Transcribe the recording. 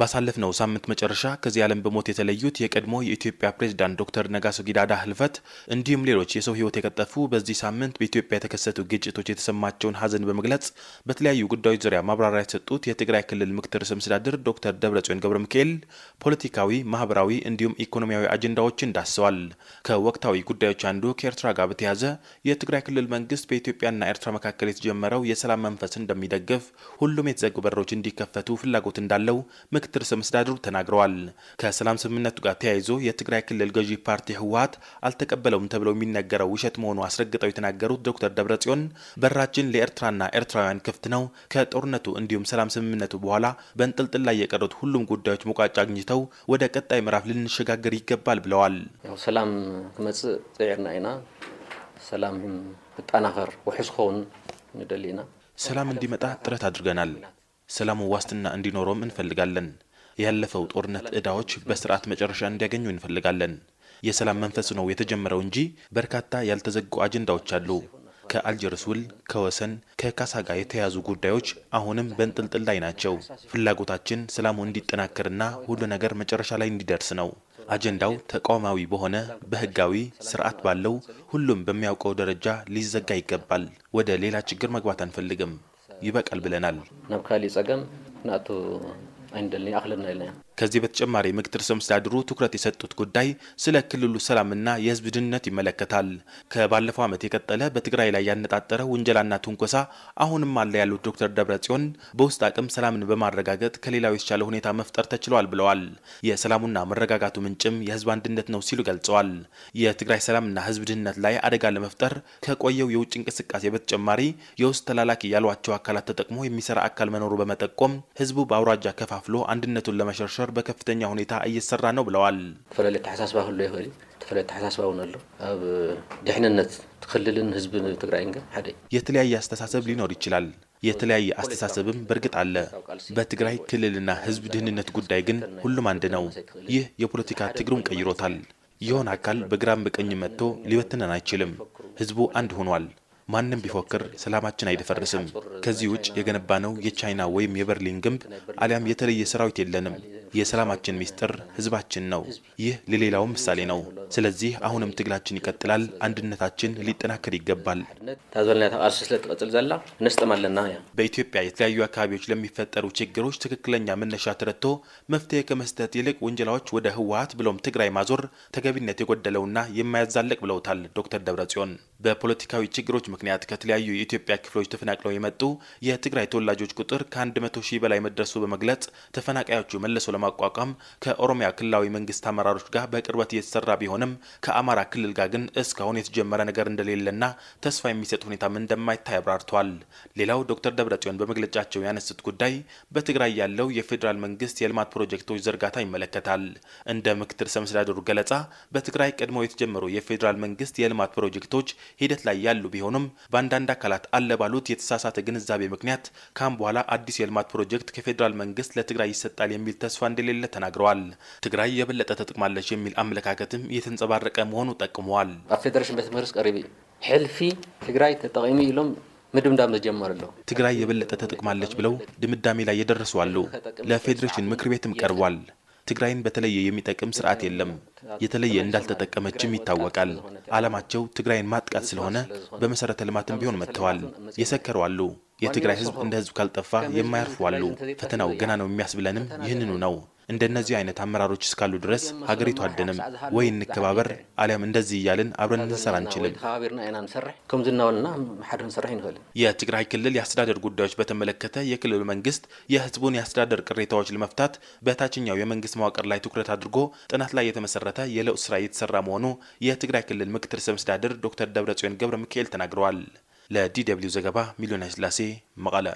ባሳለፍነው ሳምንት መጨረሻ ከዚህ ዓለም በሞት የተለዩት የቀድሞ የኢትዮጵያ ፕሬዝዳንት ዶክተር ነጋሶ ጊዳዳ ህልፈት እንዲሁም ሌሎች የሰው ህይወት የቀጠፉ በዚህ ሳምንት በኢትዮጵያ የተከሰቱ ግጭቶች የተሰማቸውን ሀዘን በመግለጽ በተለያዩ ጉዳዮች ዙሪያ ማብራሪያ የተሰጡት የትግራይ ክልል ምክትል ርዕሰ መስተዳድር ዶክተር ደብረጽዮን ገብረ ሚካኤል ፖለቲካዊ፣ ማህበራዊ እንዲሁም ኢኮኖሚያዊ አጀንዳዎችን ዳስሰዋል። ከወቅታዊ ጉዳዮች አንዱ ከኤርትራ ጋር በተያያዘ የትግራይ ክልል መንግስት በኢትዮጵያና ኤርትራ መካከል የተጀመረው የሰላም መንፈስ እንደሚደግፍ፣ ሁሉም የተዘጉ በሮች እንዲከፈቱ ፍላጎት እንዳለው ምክትል ርዕሰ መስተዳድሩ ተናግረዋል። ከሰላም ስምምነቱ ጋር ተያይዞ የትግራይ ክልል ገዢ ፓርቲ ህወሀት አልተቀበለውም ተብለው የሚነገረው ውሸት መሆኑ አስረግጠው የተናገሩት ዶክተር ደብረጽዮን በራችን ለኤርትራና ኤርትራውያን ክፍት ነው። ከጦርነቱ እንዲሁም ሰላም ስምምነቱ በኋላ በእንጥልጥል ላይ የቀሩት ሁሉም ጉዳዮች ሙቃጫ አግኝተው ወደ ቀጣይ ምዕራፍ ልንሸጋገር ይገባል ብለዋል። ሰላም ክመጽእ ፅዕርና ኢና ሰላም ክጠናኸር ውሑስ ክኸውን ንደሊ ኢና ሰላም እንዲመጣ ጥረት አድርገናል። ሰላሙ ዋስትና እንዲኖረውም እንፈልጋለን። ያለፈው ጦርነት ዕዳዎች በስርዓት መጨረሻ እንዲያገኙ እንፈልጋለን። የሰላም መንፈስ ነው የተጀመረው እንጂ በርካታ ያልተዘጉ አጀንዳዎች አሉ። ከአልጀርስ ውል፣ ከወሰን፣ ከካሳ ጋር የተያዙ ጉዳዮች አሁንም በንጥልጥል ላይ ናቸው። ፍላጎታችን ሰላሙ እንዲጠናከርና ሁሉ ነገር መጨረሻ ላይ እንዲደርስ ነው። አጀንዳው ተቋማዊ በሆነ በህጋዊ ስርዓት ባለው ሁሉም በሚያውቀው ደረጃ ሊዘጋ ይገባል። ወደ ሌላ ችግር መግባት አንፈልግም። ይበቃል ብለናል። ናብ ካሊእ ፀገም ንኣቱ ኣይንደልን ኣክለና የለና ከዚህ በተጨማሪ ምክትል ርዕሰ መስተዳድሩ ትኩረት የሰጡት ጉዳይ ስለ ክልሉ ሰላምና የህዝብ ድህንነት ይመለከታል። ከባለፈው ዓመት የቀጠለ በትግራይ ላይ ያነጣጠረ ውንጀላና ትንኮሳ አሁንም አለ ያሉት ዶክተር ደብረ ጽዮን በውስጥ አቅም ሰላምን በማረጋገጥ ከሌላው የተሻለ ሁኔታ መፍጠር ተችሏል ብለዋል። የሰላሙና መረጋጋቱ ምንጭም የህዝብ አንድነት ነው ሲሉ ገልጸዋል። የትግራይ ሰላምና ህዝብ ድህንነት ላይ አደጋ ለመፍጠር ከቆየው የውጭ እንቅስቃሴ በተጨማሪ የውስጥ ተላላኪ ያሏቸው አካላት ተጠቅሞ የሚሰራ አካል መኖሩ በመጠቆም ህዝቡ በአውራጃ ከፋፍሎ አንድነቱን ለመሸርሸር ሴክተር በከፍተኛ ሁኔታ እየሰራ ነው ብለዋል። ተፈላለየ ተሓሳስባ ክህሉ ይኽእል እዩ ተፈላለየ ተሓሳስባ እውን ኣሎ ኣብ ድሕንነት ክልልን ህዝብን ትግራይ ግን ሓደ የተለያየ አስተሳሰብ ሊኖር ይችላል። የተለያየ አስተሳሰብም በእርግጥ አለ። በትግራይ ክልልና ህዝብ ድህንነት ጉዳይ ግን ሁሉም አንድ ነው። ይህ የፖለቲካ ትግሩን ቀይሮታል። የሆነ አካል በግራም በቀኝ መጥቶ ሊበትነን አይችልም። ህዝቡ አንድ ሆኗል። ማንም ቢፎክር ሰላማችን አይደፈርስም። ከዚህ ውጭ የገነባ ነው የቻይና ወይም የበርሊን ግንብ አሊያም የተለየ ሰራዊት የለንም። የሰላማችን ሚስጥር ህዝባችን ነው። ይህ ለሌላውም ምሳሌ ነው። ስለዚህ አሁንም ትግላችን ይቀጥላል። አንድነታችን ሊጠናከር ይገባል። በኢትዮጵያ የተለያዩ አካባቢዎች ለሚፈጠሩ ችግሮች ትክክለኛ መነሻ ተረድቶ መፍትሄ ከመስጠት ይልቅ ወንጀላዎች ወደ ህወሀት ብሎም ትግራይ ማዞር ተገቢነት የጎደለውና የማያዛልቅ ብለውታል ዶክተር ደብረጽዮን። በፖለቲካዊ ችግሮች ምክንያት ከተለያዩ የኢትዮጵያ ክፍሎች ተፈናቅለው የመጡ የትግራይ ተወላጆች ቁጥር ከ100 ሺህ በላይ መድረሱ በመግለጽ ተፈናቃዮቹ መልሶ ለማቋቋም ከኦሮሚያ ክልላዊ መንግስት አመራሮች ጋር በቅርበት እየተሰራ ቢሆንም ከአማራ ክልል ጋር ግን እስካሁን የተጀመረ ነገር እንደሌለና ተስፋ የሚሰጥ ሁኔታም እንደማይታይ አብራርተዋል። ሌላው ዶክተር ደብረጽዮን በመግለጫቸው ያነሱት ጉዳይ በትግራይ ያለው የፌዴራል መንግስት የልማት ፕሮጀክቶች ዝርጋታ ይመለከታል። እንደ ምክትል ርዕሰ ገለጻ በትግራይ ቀድሞ የተጀመሩ የፌዴራል መንግስት የልማት ፕሮጀክቶች ሂደት ላይ ያሉ ቢሆኑም በአንዳንድ አካላት አለ ባሉት የተሳሳተ ግንዛቤ ምክንያት ካም በኋላ አዲስ የልማት ፕሮጀክት ከፌዴራል መንግስት ለትግራይ ይሰጣል የሚል ተስፋ እንደሌለ ተናግረዋል። ትግራይ የበለጠ ተጠቅማለች የሚል አመለካከትም እየተንጸባረቀ መሆኑ ጠቅመዋል። ኣብ ፌደሬሽን ቤት ምክርስ ቀሪቡ ሕልፊ ትግራይ ተጠቂሙ ኢሎም ምድምዳም ተጀመረ ትግራይ የበለጠ ተጠቅማለች ብለው ድምዳሜ ላይ የደረሱ አሉ። ለፌዴሬሽን ምክር ቤትም ቀርቧል። ትግራይን በተለየ የሚጠቅም ስርዓት የለም። የተለየ እንዳልተጠቀመችም ይታወቃል። አለማቸው ትግራይን ማጥቃት ስለሆነ በመሰረተ ልማትም ቢሆን መጥተዋል። የሰከሩ አሉ። የትግራይ ህዝብ እንደ ህዝብ ካልጠፋ የማያርፉ አሉ። ፈተናው ገና ነው የሚያስብለንም ይህንኑ ነው። እንደነዚህ አይነት አመራሮች እስካሉ ድረስ ሀገሪቱ አደንም ወይ እንከባበር አሊያም እንደዚህ እያልን አብረን እንሰራ አንችልም። የትግራይ ክልል የአስተዳደር ጉዳዮች በተመለከተ የክልሉ መንግስት የህዝቡን የአስተዳደር ቅሬታዎች ለመፍታት በታችኛው የመንግስት መዋቅር ላይ ትኩረት አድርጎ ጥናት ላይ የተመሰረተ የለውጥ ስራ እየተሰራ መሆኑ የትግራይ ክልል ምክትል ርዕሰ መስተዳድር ዶክተር ደብረጽዮን ገብረ ሚካኤል ተናግረዋል። ለዲ ደብልዩ ዘገባ ሚሊዮን ስላሴ መቀለ